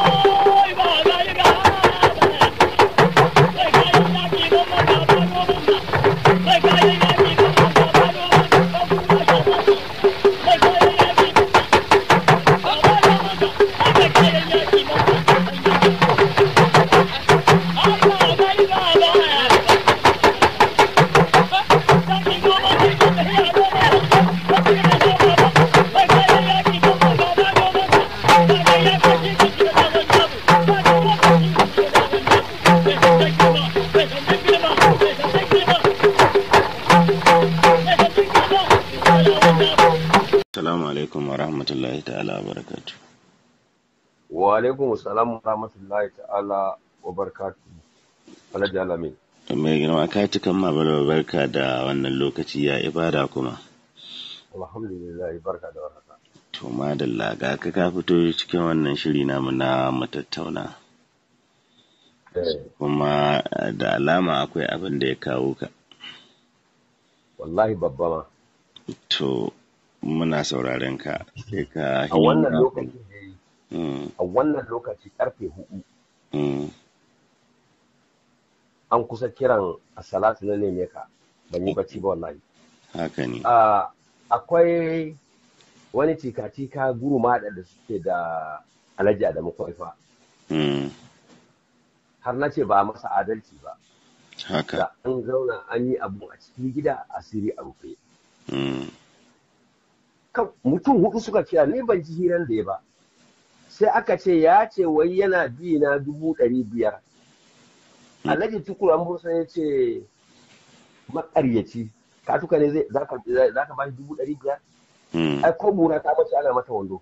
Thank you. wa alaikum salam wa rahmatullahi ta'ala wa barakatuhu alhaji alamin mai girma ka ci kan mabar barka da wannan lokaci ya ibada kuma alhamdulillah barka da warhaka to madalla ga ka ka fito cikin wannan shiri namu na matattauna eh. kuma eh, da alama akwai abin da ya kawo ka wallahi babba ma to muna sauraren ka sai ka a wannan lokaci Mm. a wannan lokaci karfe hudu mm. an kusa kiran a salatu na neme ka ban yi bacci ba wallahi ah, akwai wani cika-cika guru maɗa da suke da alajiya adamu makwaifa mm. har na ce ba masa adalci ba da an zauna an yi abu a cikin gida asiri a rufe mutum hudu suka kira ne ban ji hiran da ya ba sai aka ce ya ce wai yana bi na dubu ɗari biyar hmm. alhaji tukur an bursa ya ce makaryaci ka tuka ne zai zaka ba shi dubu ɗari biyar hmm. ai ko mura ta mace ana mata wando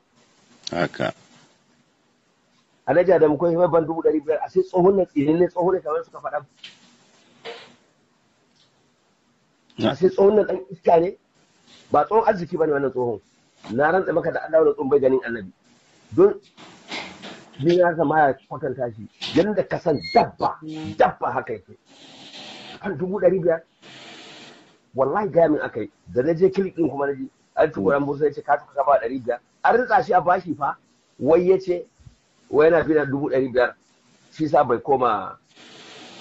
haka alhaji adamu ko himar ban dubu ɗari biyar a sai tsohon na tsirin ne tsohon ne kamar suka faɗa a sai tsohon na ɗan iska ne ba tsohon arziki ba ne wannan tsohon na rantsa maka da Allah wani tsohon bai ganin annabi don shi ya zama ya kwatanta shi yadda ka san dabba dabba haka yake kan dubu ɗari biyar wallahi gaya min aka yi da na je kilikin kuma na ji an ci ran bursa ya ce ka tuka ka ba ɗari biyar an ritsa shi a bashi fa wai ya ce wai yana fi dubu ɗari biyar shi sa bai koma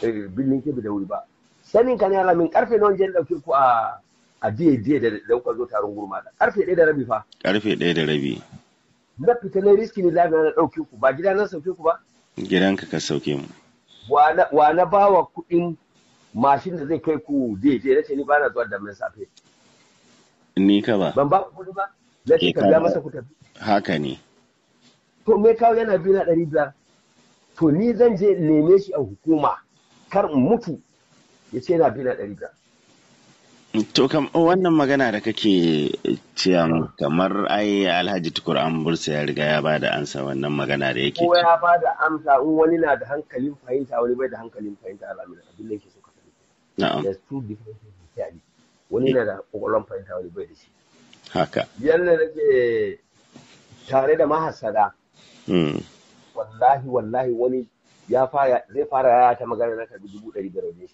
eh, birnin kebe da wuri ba sanin ka ne min karfe nawa je da ku a a diye diye da kuka zo taron gurma da karfe ɗaya da rabi fa karfe ɗaya da rabi na fita na riski ne lafiya na ɗauke ku ba gida na sauke ku ba gidanka ka sauke mu wa na ba wa kuɗin mashin da zai kai ku je je na ce ni ba na zuwa da mai safe ni ka ba ban ba ku kuɗi ba na ce ka biya masa ku tafi haka ne to me kawo yana biyu na ɗari biyar to ni zan je neme shi a hukuma kar in mutu ya ce yana biyu na ɗari biyar To kam wannan magana da kake cewa kamar ai Alhaji Tukur an bursa ya riga ya ba da ansa wannan magana da yake. Ko ya ba da amsa in wani na da hankalin fahimta wani bai da hankalin fahimta al'amina abin da yake so ka fahimta. Na'am. There's two different things Wani na da kokolon fahimta wani bai da shi. Haka. Yalla nake tare da mahasada. Hmm. Wallahi wallahi wani ya fara zai fara ya ta magana na ka dubu ɗari da rauni.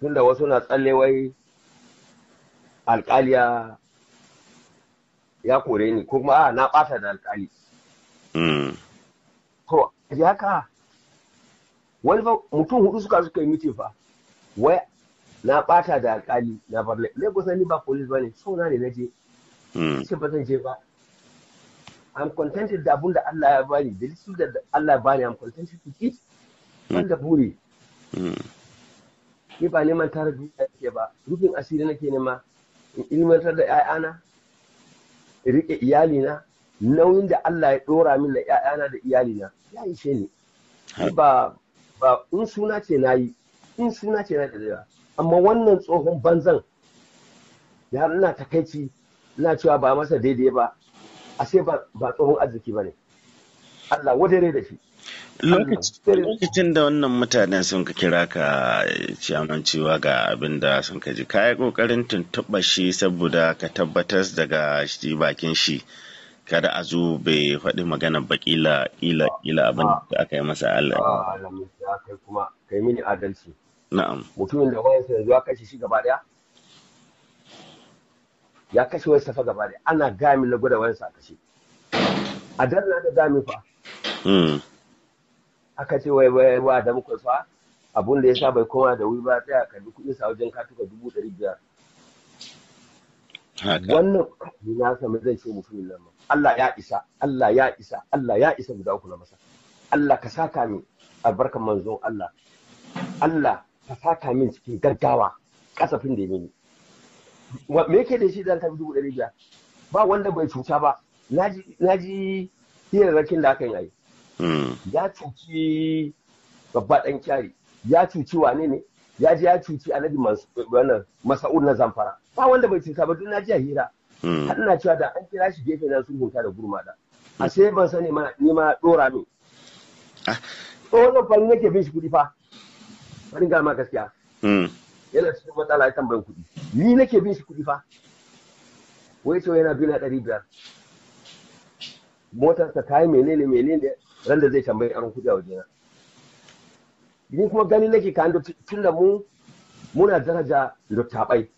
tunda wasu na tsalle wai alƙaliya ya kore ni ko kuma a na ɓata da alkali mm. to ya ka wani fa mutum hudu suka suka yi mitin fa wai na ɓata da alkali na bar lagos ni ba police ba ne so na ne na je ce mm. ba zan je ba I'm contented da abun da Allah ya bani da lissu da Allah ya bani I'm contented to keep wanda buri mm. ni ba neman tara duniya ke ba rufin asiri nake nema in ilmantar da 'ya'yana in riƙe iyalina nauyin da Allah ya ɗora min da 'ya'yana da iyalina ya ishe ni ba ba in suna ce na yi in suna ce na da amma wannan tsohon banzan ya na takaici na cewa ba masa daidai ba a sai ba tsohon arziki ba ne Allah wadare da shi lokacin da wannan mutanen sun ka kira ka eh, ciyaman cewa ga abin da sun ka ji yi kokarin tuntuɓa shi saboda ka tabbatar daga shi bakin shi kada a zo bai faɗi magana ba ƙila ƙila ƙila abin da aka yi masa Allah ah, kai mini adalci na'am mutumin da wayansa yanzu ya kashe shi gaba ya kashe wayansa fa gaba ɗaya, ana gami na gwada wayansa a kashe a dalla da gami fa Hmm. aka ce wai wai wa da muka fa abun da yasa bai koma da wuri ba sai aka karbi kuɗin sa wajen tuka dubu ɗari biyar wannan ni na sami zai ce mutumin nan Allah ya isa Allah ya isa Allah ya isa guda uku na masa Allah ka saka min albarkan manzo Allah Allah ka saka min cikin gaggawa kasafin da ya nemi me yake da shi zan ka dubu ɗari biyar ba wanda bai cuta ba naji naji hirarrakin da aka yi hmm. ya cuci babba dan kyari ya cuci wane ne ya ji ya cuci annabi masa'ud na zamfara ba wanda bai cuta ba duk na ji a hira hmm. har na cewa da an kira shi gefe na sun da gurma da a sai ban sani ma ni ma dora min ah. tsohon fa nake bin shi kuɗi fa bari ga gaskiya hmm. yana cikin matsala ya tambayin kuɗi ni nake bin shi kuɗi fa wai to yana bin na ɗari biyar motarsa ta yi menene menene ran da zai tambayi yaron kudi a wajena ni kuma gani nake ka tun da mu muna daraja tabai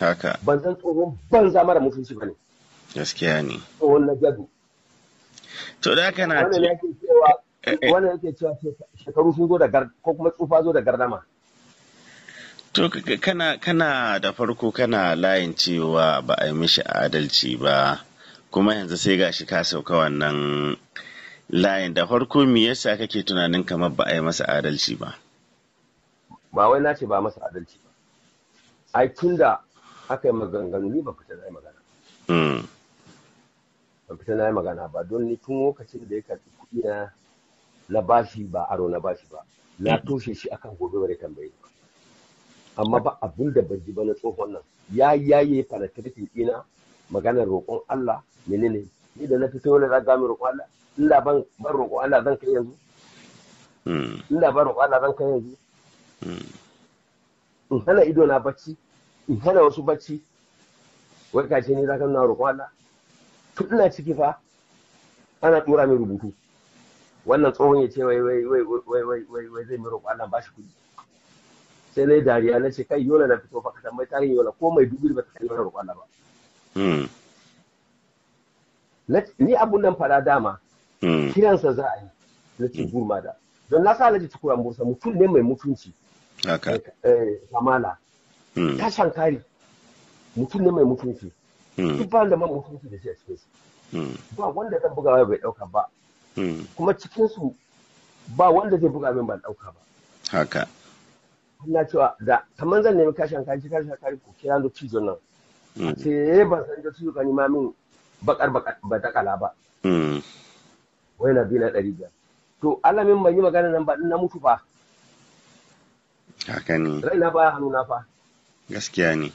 haka ban san tsohon za mara mutunci bane gaskiya ne tsohon na gado to da haka na wannan yake cewa eh, eh. wannan yake cewa shekaru sun zo da gar ko kuma tsufa zo da gardama to kana kana da farko kana layin cewa ba a yi mishi adalci ba kuma yanzu sai ga shi ka sauka wannan layin da farko me yasa kake tunanin kamar ba a yi masa adalci ba ba wai na ce ba masa adalci ba ai tunda aka yi maganganu ni ba fita na magana hmm. ba fita na magana ba don ni tun lokacin da ya karɓi kuɗi na na bashi ba aro na bashi ba na toshe shi akan gobe bare tambaye amma ba abin da ban ji ba na tsohon nan ya yaye penetrating ina maganar roƙon Allah menene ni da na fi sai wani za ga roƙon Allah in da ban ban roƙon Allah zan kai yanzu hmm. in da ban roƙon Allah zan kai yanzu hmm. in hana ido na bacci in hana wasu bacci wai kace ni za ka na roƙon Allah to ina ciki fa ana tura min rubutu wannan tsohon ya ce wai wai wai wai wai wai wai zai mai roƙon Allah ba shi kuɗi sai na yi dariya na ce kai yola na fito fa ka tambayi tarihin yola ko mai dubu ba ta kai mana roƙon Allah ba Hmm. ni abun nan fada dama hmm. kiransa za a yi na ce hmm. gurma da don na sa ta kura mursa mutum ne mai mutunci eh, eh, kamala ta shankari mutum ne mai mutunci duk ba da man mutunci da shi a cikin su ba wanda zan buga bai dauka ba kuma cikin su ba wanda zai buga min ban dauka ba haka ina cewa da kamar zan nemi kashin kaji kashin kari ko kira da cizon nan Hmm. ce ban san da su kani ma min bakar ba ta kala ba wai na biyu na ɗari biyar to alamin ban yi magana nan ba na mutu fa haka ne raina baya hannu na fa gaskiya ne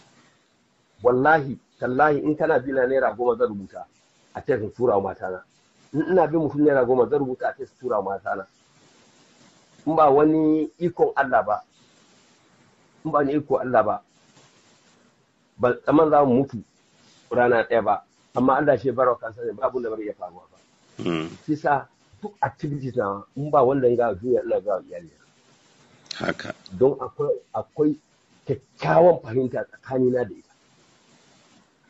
wallahi tallahi in kana bina na naira goma zan rubuta a cikin tura matana in ina bin mutum naira goma zan rubuta a cikin tura na. in ba wani ikon Allah ba in ba ni iko Allah ba ba tsaman za mu mutu rana ɗaya ba amma Allah shi barawa kansa ne babu da bari ya faruwa ba hmm. shi sa duk activities na in ba wanda ga duniya ina ga iyali haka don akwai kyakkyawan fahimta tsakanina da ita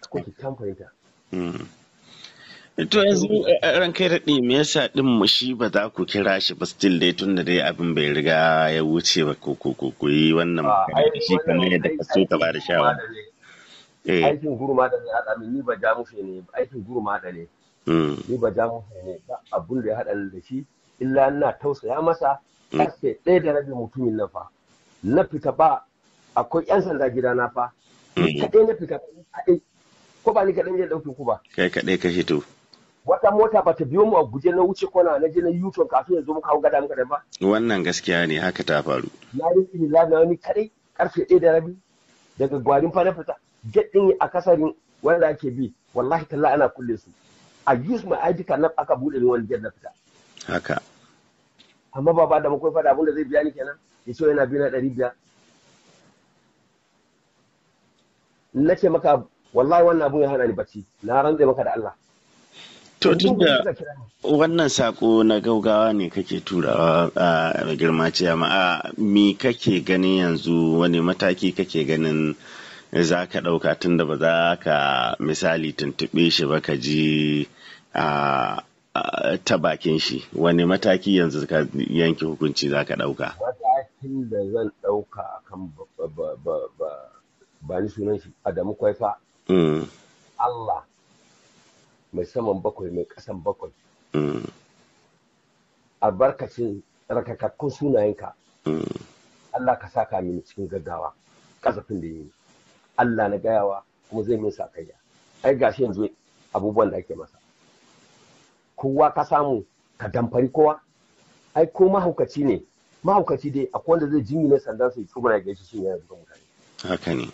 akwai kyakkyawan fahimta Ito hmm. yanzu eh, eh, ran kai daɗi me yasa ɗin mu shi ba za ku kira shi ba still dai tun da dai abin bai riga ya wuce ba ko ko ko yi wannan ah, magana shi kamar yadda ka so ka ba da shawara. Eh. aikin guru ma da ya haɗa ni ba ja mushe ne aikin guru ma da ne hmm. ni ba ja mushe ne ba abun da ya haɗa da shi illa ina tausaya masa hmm. karfe ɗaya da rabin mutumin nan fa na fita ba akwai yan sanda gida na fa hmm. kaɗai na fita kaɗai ko ba ni kaɗai ne ɗauke ku ba kai kaɗai ka fito wata mota ba ta biyo mu a guje na wuce kwana na je na yuton kafin yanzu muka kawo gada muka da ba wannan gaskiya ne haka ta faru na rinki ni na wani kaɗai karfe ɗaya da rabi daga gwarin fa na fita jaɗin a kasarin wanda ake bi wallahi talla ana kulle su a use my ID card aka buɗe ni wani jet na fita haka amma ba ba da makwai fada abinda zai biya ni kenan ya so yana biya na ɗari biya. na ce maka wallahi wannan abun ya hana ni bacci na rantse maka da Allah to tunda wannan sako na gaugawa ne kake turawa a girma ce amma me kake ganin yanzu wani mataki kake ganin za ka ɗauka tun da ba za ka misali tuntuɓe shi ba ka ji ta bakin shi wani mataki yanzu ka yanke hukunci za ka ɗauka matakin da zan ɗauka akan ba ni sunan shi adamu kwaifa mm. Allah mai saman bakwai mai ƙasan bakwai mm. albarkacin rakakakkun sunayenka mm. Allah ka saka mini cikin gaggawa kasafin da yi Allah na gayawa kuma zai min sakayya ai gashi yanzu abubuwan da ake masa kowa ka samu ka damfari kowa ai ko mahaukaci ne mahaukaci dai akwai wanda zai ne sandan su ya gaishe shi shine yanzu mutane haka ne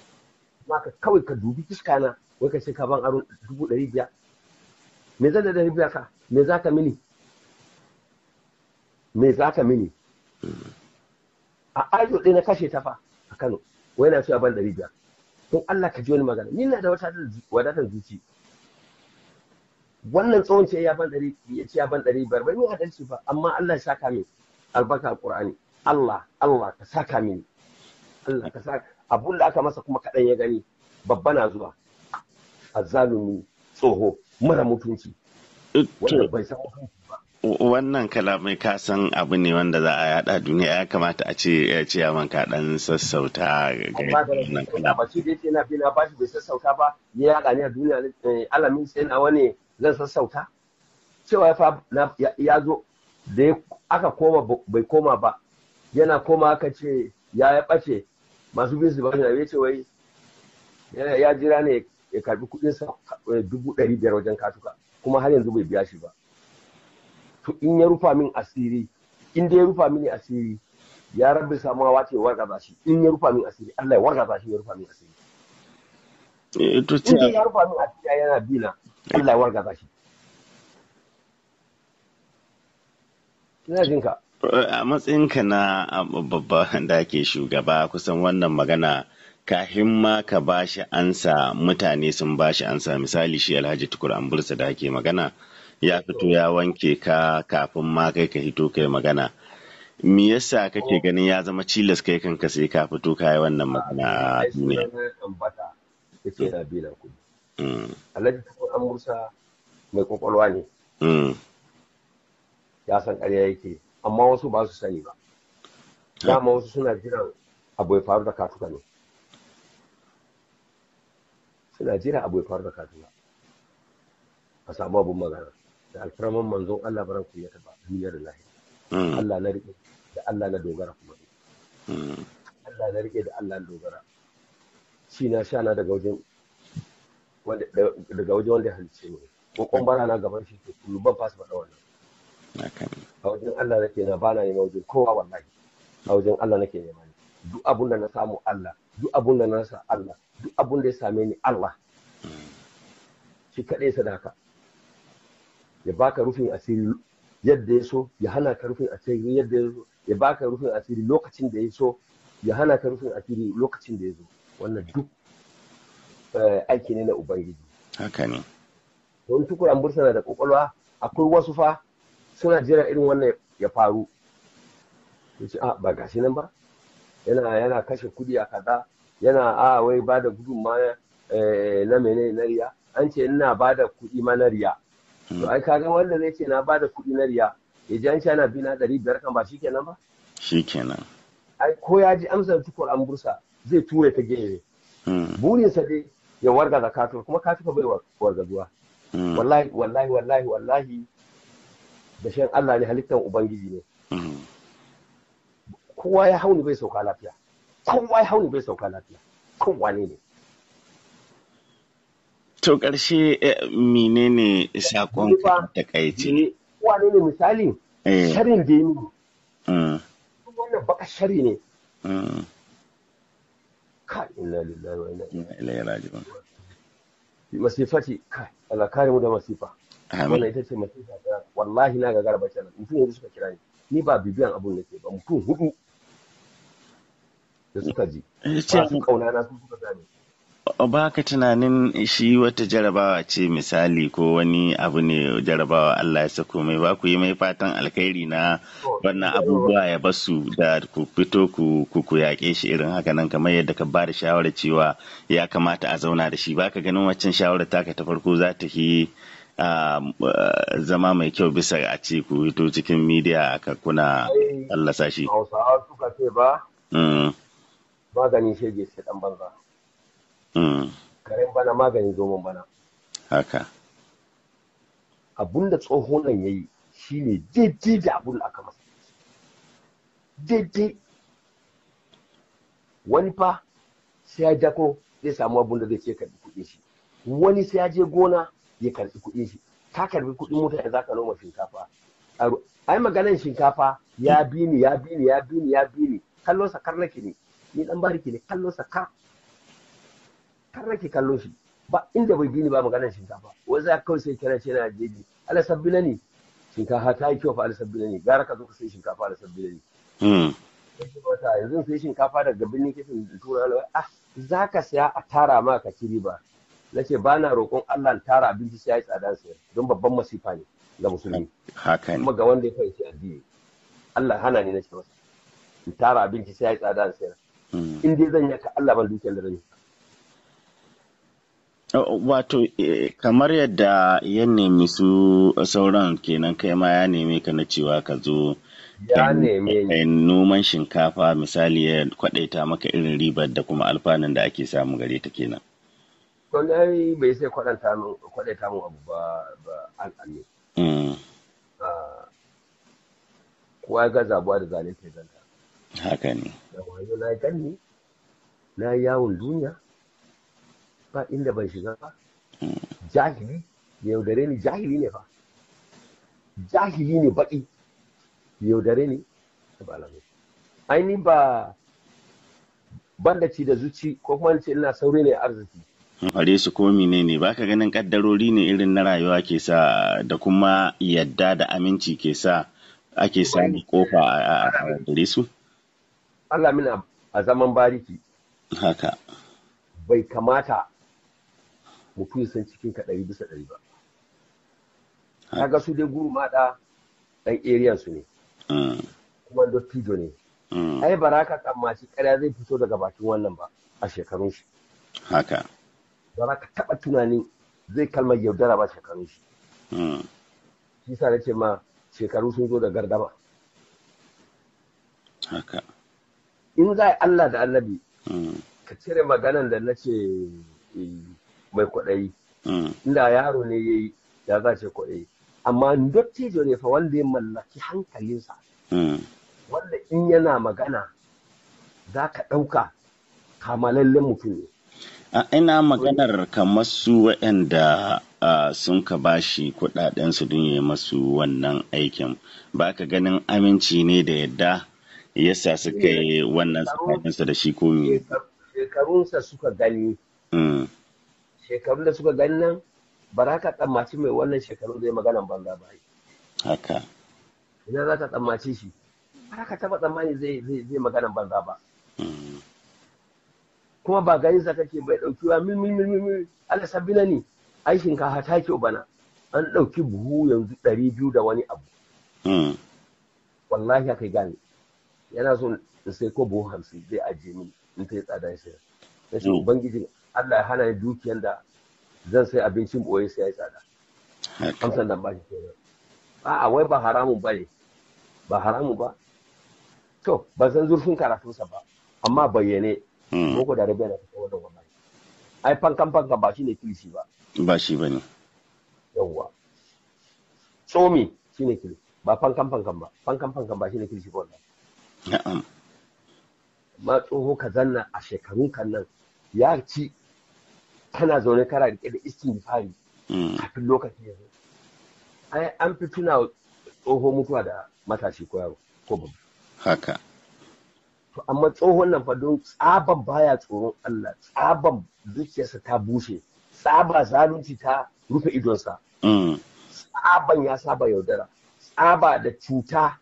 maka kawai ka dubi fuska na wai ka ce ka ban aron dubu ɗari biyar me zan da ɗari biyar ka me za ka mini me za ka mini mm. a ajo ɗaya na kashe ta fa a kano wai na so ban ɗari biyar don Allah ka ji wani magana ni na da wadatar zuci wannan tsohon ce ya ban ɗari ya ce ya ban ɗari bar bai ya adalci ba amma Allah ya saka min albarka Qur'ani Allah Allah ka saka min Allah ka saka abun da aka masa kuma kaɗan ya gani babba na zuwa azzalumi tsoho mara mutunci eh, wanda bai san mutunci wannan kalamai ka san abu ne wanda za a yada duniya ya kamata a ce eh, ciyaman ka dan sassauta ga wannan kalamai da na na bai sassauta ba ya yada ne a duniya eh, alamin sai wani zan sassauta cewa fa ya zo da aka koma bai koma ba yana koma aka ce ya ya bace masu bin su ba ya ce wai ya jira ne ya karbi kudin sa eh, dubu ɗari biyar wajen katuka kuma har yanzu bai biya shi ba in ya rufa min asiri in dai ya rufa min asiri ya rabbi samuwa ce za shi in ya rufa min asiri Allah ya warga za shi ya rufa min asiri eh, in ya rufa min asiri yana na, Allah ya za shi ina jin ka eh, a matsayinka na babban da ke shugaba kusan wannan magana kahin ma ka bashi ansa mutane sun bashi ansa misali shi alhaji tukur ambursa da ake magana ya fito ya wanke ka kafin ma kai ka hito kai magana me yasa kake oh. ganin ya zama cilas kai kanka sai ka fito ka yi wannan magana a duniya yake da mm. an musa mai kwakwalwa ne mm. ya san ƙarya yake amma wasu ba su sani ba dama wasu suna jiran abu ya faru da katuka ne suna jira abu ya faru da katuka a samu abun magana da alfarman manzon Allah baran ku ya taba duniyar lahi hmm. Allah na rike da Allah na dogara kuma hmm. Allah na rike da Allah na dogara shi na sha na daga wajen daga wajen wanda halice ne ko bara na gaban shi to kullu ban fasa faɗa wannan a wajen Allah nake na bana ne wajen kowa wallahi a wajen Allah nake nema ne duk abun da na samu Allah duk abun da na sa Allah duk abun da ya same ni Allah hmm. shi kadai sadaka ya baka rufin asiri yadda ya so ya hana ka rufin asiri yadda ya so ya baka rufin asiri lokacin da ya so ya hana ka rufin asiri lokacin da ya zo wannan duk eh, aiki ne na ubangiji haka ne don tukuran bursa na da kokolwa akwai wasu fa suna jira irin wannan ya faru ya ce a ah, ba gashi nan ba yana yana kashe kudi a kaza yana a wai bada gudunmawa eh, na mene na riya an ce ina bada kudi ma na riya to ai kaga wanda zai ce na bada kuɗi na riya ya ji an na bi na ɗari biyar kan ba shikenan ba shikenan ai ko ya ji amsar tukur an bursa zai ture ta gefe hmm. burinsa dai ya warga da kuma kuma kafir bai warga zuwa hmm. wallahi wallahi wallahi wallahi da shan Allah ne halittar ubangiji ne hmm. kowa ya hauni bai sauka lafiya kowa ya hauni bai sauka lafiya kowa ne ne To ƙarshe eh, menene sakon takaici? Eh, Wane ne misali? Eh. Sharin da yi mm. Wannan baka shari ne. Mm. Ka ina lillahi wa ina ilaihi raji'un. Masifa ce ka ala kare mu da masifa. Wannan ita ce masifa ta wallahi na gara bacci nan mutum yanzu suka kira ni ni ba bibiyan abun ke ba mutum hudu da suka ji. Ba su kauna na su suka gane. baka tunanin shi wata jarabawa ce misali ko wani abu ne jarabawa Allah ya sako mai ba ku yi mai fatan alkhairi na wannan abubuwa ya basu da ku fito ku ku yaƙe shi irin haka nan kamar yadda ka ba da shawarar cewa ya kamata a zauna da shi baka ganin waccan shawarar taka ta farko za ta yi zama mai kyau bisa a ce ku fito cikin midiya ka kuna Allah sashi. Hausawa suka ce ba? Mm. Maganin shege sai dan banza. Mm. karen bana maganin zoman bana haka Abunda da tsohon nan ya yi shi ne daidai da abun da aka masa daidai wani fa sai ya jako zai samu abun da zai ce karɓi kuɗin shi wani sai ya je gona ya karbi kuɗin shi ka karbi kuɗin mutane za ka noma shinkafa ai maganan shinkafa ya bi ni ya bi ni ya bi ni ya bi ni kallon sakar nake ne ni dan bariki ne kallon sakar kar nake kallon shi ba inda bai bi ni ba maganar shinkafa wai za kawai sai kira shi na jeji ala sabbila ne shinkafa ta yi kyau fa ala sabbila ne gara ka zo ka sai shinkafa ala sabbila ne hmm. yanzu sai shinkafa daga birnin kifin tura alawai ah za ka saya a tara ma ka kiri ba. na ce ba na roƙon Allah tara abinci sai ya yi tsadan sayar don babban masifa ne ga musulmi haka ne kuma ga wanda ya fahimci addini Allah hana ni na ce masa in tara abinci sai ya yi tsadan sayar hmm. in dai zan yaka Allah ban dukiyar da rani Uh, wato eh, kamar yadda ya nemi su sauran kenan kai ma ya nemi ka na cewa ka zo ya nemi eh, noman shinkafa misali ya kwadaita maka irin ribar da kuma alfanun da ake samu gare ta kenan. Don bai sai kwadaita min kwadaita mu abu ba ba al'ami. Mm. Ah, kuwa ga zabuwa da zalunci zanta. Haka ne. Da wani na gani na yawon duniya. ba inda ban shiga ba jahili ya yaudare ni jahili ne fa jahili ne baki ya yaudare ni ainihin ba bandaci da zuci ko kuma ce ina saurayi ne arziki Are su ko menene baka ganin kaddarori ne irin na rayuwa ke sa da kuma yadda da aminci ke sa ake sami kofa a gare su Allah mina a zaman bariki haka bai kamata mutum san cikin ka ɗari bisa ɗari ba ah. kaga su dai guru maɗa ɗan area su ne ah. kuma dottijo ne ah. ai ba za ka tsammaci ƙarya zai fito daga bakin wannan ba a shekarun shi haka ba za ka taɓa tunanin zai kalmar yaudara ba shekarun shi shi sa na ce ma shekaru sun zo da gardama haka in za Allah da annabi ka cire maganan da na ce eh, mai kwaɗayi mm. inda yaro ne ya yi ya za ce kwaɗayi amma dottijo ne fa wanda ya mallaki hankalinsa mm. wanda in yana magana za ka ɗauka kamalallen mutum ne a ina maganar kamar su waɗanda sun ka bashi kuɗaɗen su don yi masu wannan aikin ba ka ganin aminci ne da yadda yasa suka yi eh, wannan tsakaninsa da shi komi shekarunsa suka gani mm. shekarun da suka gani nan ba za ka tsammaci mai wannan shekaru zai maganan banza ba haka idan za ka tsammaci shi ba ka taba tsammani zai zai maganan banza ba hmm. kuma ba gani sa kake bai dauki wa mil mil mil mil ala sabina ne ai ka ta kyau bana an ɗauki buhu yanzu ɗari biyu da wani abu hmm. wallahi haka gane yana so in sai ko buhu hamsin zai ajiye min in ta yi tsada shi hmm. ubangiji Allah ya hana ni dukiyar da zan sai abincin boye sai ya tsada amsan nan ba shi kenan a'a wai ba haramun ba ne ba haramun ba to ban san zurfin karatunsa ba amma bayyane hmm. boko da rabe na fita da wannan ai fankan fankan ba shi ne kilishi ba ba shi ba ne yawwa tsomi shi ne kilishi ba fankan fankan ba fankan fankan ba shi ne kilishi ba wannan na'am ma tsoho ka zanna a shekarun kan nan ya ci kana zaune kara rike da fari. Hmm. kafin lokaci ya zo an fi tuna tsoho mutuwa da matashi ko yaro ko babu haka to amma tsohon nan fa don tsaban baya tsoron Allah tsaban dukiyarsa ta bushe tsaba zalunci ta rufe idonsa hmm. tsaban ya saba yaudara tsaba da cuta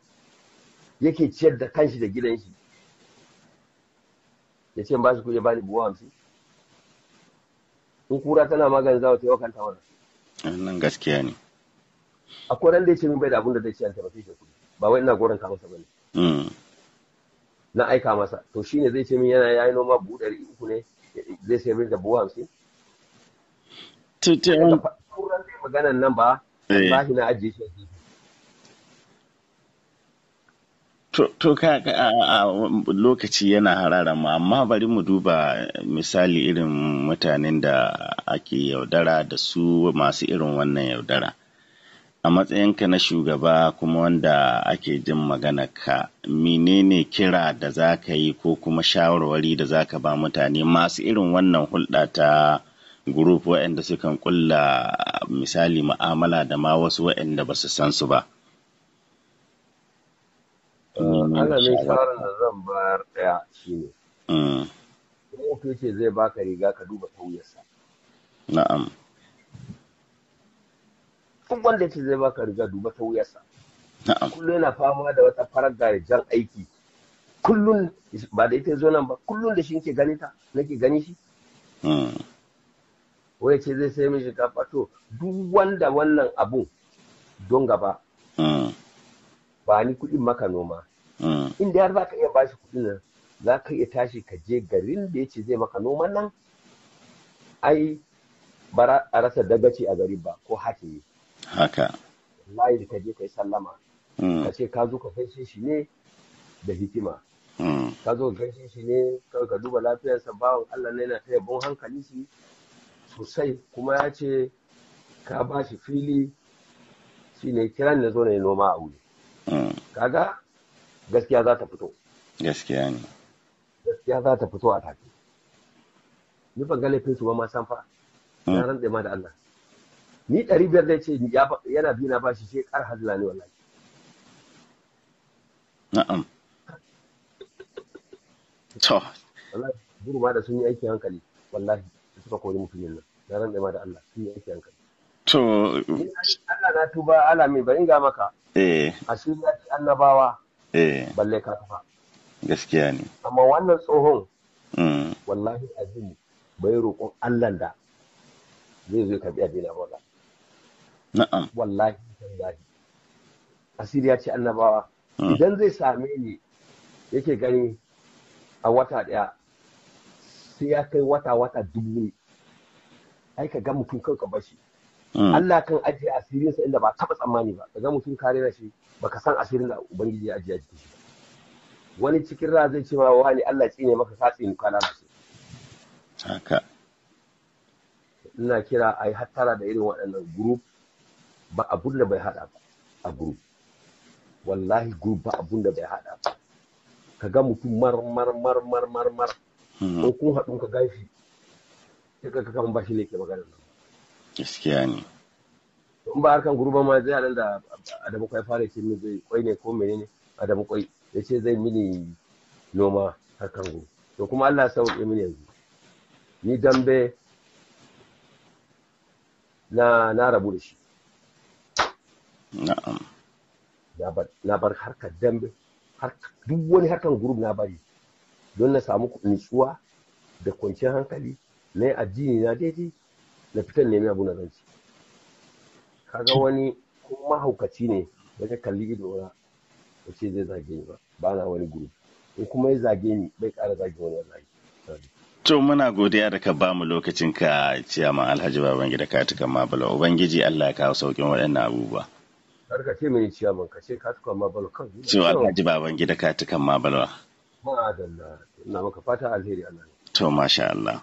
yake ciyar da kanshi da gidan shi ya ce ba shi kuje ba ni buwa hamsin in kura tana magani za ta yi wakanta wannan nan gaskiya ne akwai ran da ya ce min bai da abin da zai ci an taimake shi kuɗi ba wai ina goron ka masa bane hmm. na aika masa to shi ne zai ce min yana yayi noma buɗe ɗari uku ne zai sai min da buhu hamsin tutu maganan nan ba ba shi na ajiye shi To, ka a lokaci yana hararama amma bari mu duba misali irin mutanen da ake yaudara da su masu irin wannan yaudara. A matsayinka na shugaba kuma wanda ake jin magana ka menene kira da za ka yi ko kuma shawarwari da za ka ba mutane masu irin wannan hulɗa ta gurup waɗanda sukan kulla misali ma'amala da ma wasu waɗanda ba su san su ba. alamin shawarar da zan bayar ɗaya shine mm. in mutum yake zai baka riga ka duba tauyarsa na'am duk wanda yake zai baka riga duba tauyarsa na'am kullum yana fama da wata farar jan aiki kullum ba da ita zo nan ba kullum da shi nke gani ta nake gani shi mm. wai ce zai sai min shinkafa to duk wanda wannan abu don gaba mm. ba ni kuɗin maka noma Mm. inda har za ka iya bashi kuɗin nan za ka iya tashi ka je garin da ya ce zai maka noman nan ai ba a rasa dagaci a gari ba ko hakimi haka wallahi da ka je ka yi sallama mm. ka ce ka zo ka gaishe shi ne da hikima mm. ka zo ka gaishe shi ne ka ka duba lafiyar sa, bawan Allah ne na ta yabon hankali shi sosai kuma ya ce ka bashi fili shi ne kiran da zo na yi noma a wuri kaga gaskiya za ta fito gaskiya ne gaskiya za ta fito a take ni ban ga laifin su ba ma san fa hmm. na rantsa ma da Allah ni ɗari biyar zai ce yana bi na bashi sai ƙar hazla ne wallahi na'am to wallahi ma da sun yi aiki hankali wallahi suka kori mutumin nan na rantsa ma da Allah sun yi aiki hankali to Allah na tuba ala mai bari ga maka eh asiri annabawa Eh. balle ka tafa gaskiya ne amma wannan tsohon mm. wallahi azumi bai roƙon Allah da zai zo karbi addinin Allah na'am wallahi wallahi asiri ya ce annabawa mm. idan zai same ni yake gani a wata ɗaya sai ya kai wata wata dubu ne ai ka ga mutum kanka bashi Mm. Allah kan ajiye asirinsa inda ba taɓa tsammani ba daga mutum kare na shi baka san asirin da ubangiji ya ajiye a jikin shi wani cikin ra zai ce ma wani Allah tsine maka satsi ni kwana da haka ina kira a yi hattara da irin waɗannan group ba abun da bai hada ba a group wallahi group ba abun da bai hada ba ka ga mutum mar mar mar mar mar mar ko mm. kun haɗu ka gashi sai ka kan ba shi ne ke magana nan gaskiya ne in ba harkan gurba ma zai halin da adamu kwai fara ce min zai kwai ne ko menene adamu kwai ya ce zai mini noma harkan gurba to kuma Allah sauke mini yanzu ni dambe na na rabu da shi na'am na bar harkar dambe duk wani harkan gurub na bari don na samu nutsuwa da kwanciyar hankali na yi addini na daidai na fitan nemi abu na ranci kaga wani mahaukaci ne da ka kalli ido na ba ce zai zage ni ba ba na wani guri in kuma ya zage ni bai ƙara zage wani zage To muna godiya da ka ba mu lokacin ka ciyaman Alhaji Babangida ka ma bala Ubangiji Allah ya kawo saukin waɗannan abubuwa. Karka ce mai ciyaman ka ce ma bala kan. To Alhaji Babangida ma bala. Ma'adalla ina maka fata alheri Allah. To masha Allah.